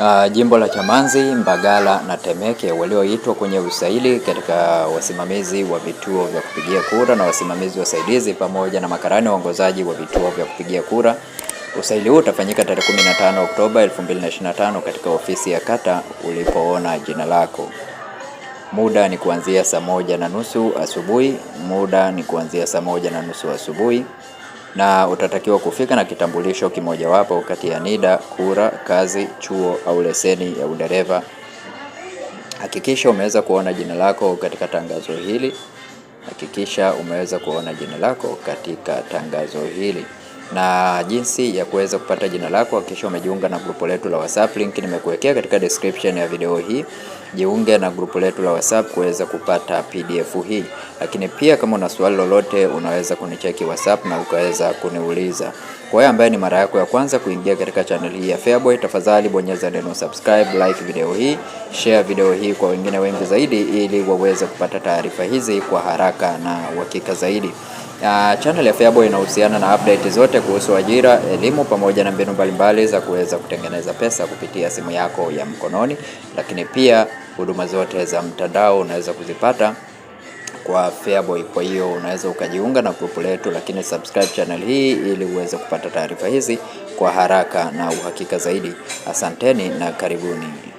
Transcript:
Uh, jimbo la Chamanzi, Mbagala na Temeke walioitwa kwenye usaili katika wasimamizi wa vituo vya kupigia kura na wasimamizi wasaidizi pamoja na makarani waongozaji wa vituo vya kupigia kura. Usaili huu utafanyika tarehe 15 Oktoba 2025 katika ofisi ya kata ulipoona jina lako. Muda ni kuanzia saa moja na nusu asubuhi. Muda ni kuanzia saa moja na nusu asubuhi na utatakiwa kufika na kitambulisho kimojawapo kati ya NIDA, kura, kazi, chuo au leseni ya udereva. Hakikisha umeweza kuona jina lako katika tangazo hili. Hakikisha umeweza kuona jina lako katika tangazo hili na jinsi ya kuweza kupata jina lako. Hakikisha umejiunga na grupu letu la WhatsApp, link nimekuwekea katika description ya video hii. Jiunge na grupu letu la WhatsApp kuweza kupata PDF hii, lakini pia kama una swali lolote unaweza kunicheki WhatsApp na ukaweza kuniuliza. Kwa hiyo ambaye ni mara yako ya kwanza kuingia katika channel hii ya Feaboy, tafadhali bonyeza neno subscribe, like video hii, share video hii kwa wengine wengi zaidi, ili waweze kupata taarifa hizi kwa haraka na uhakika zaidi. Uh, channel ya Feaboy inahusiana na update zote kuhusu ajira, elimu pamoja na mbinu mbalimbali za kuweza kutengeneza pesa kupitia simu yako ya mkononi, lakini pia huduma zote za mtandao unaweza kuzipata kwa Feaboy. Kwa hiyo unaweza ukajiunga na grupu letu, lakini subscribe channel hii ili uweze kupata taarifa hizi kwa haraka na uhakika zaidi. Asanteni na karibuni.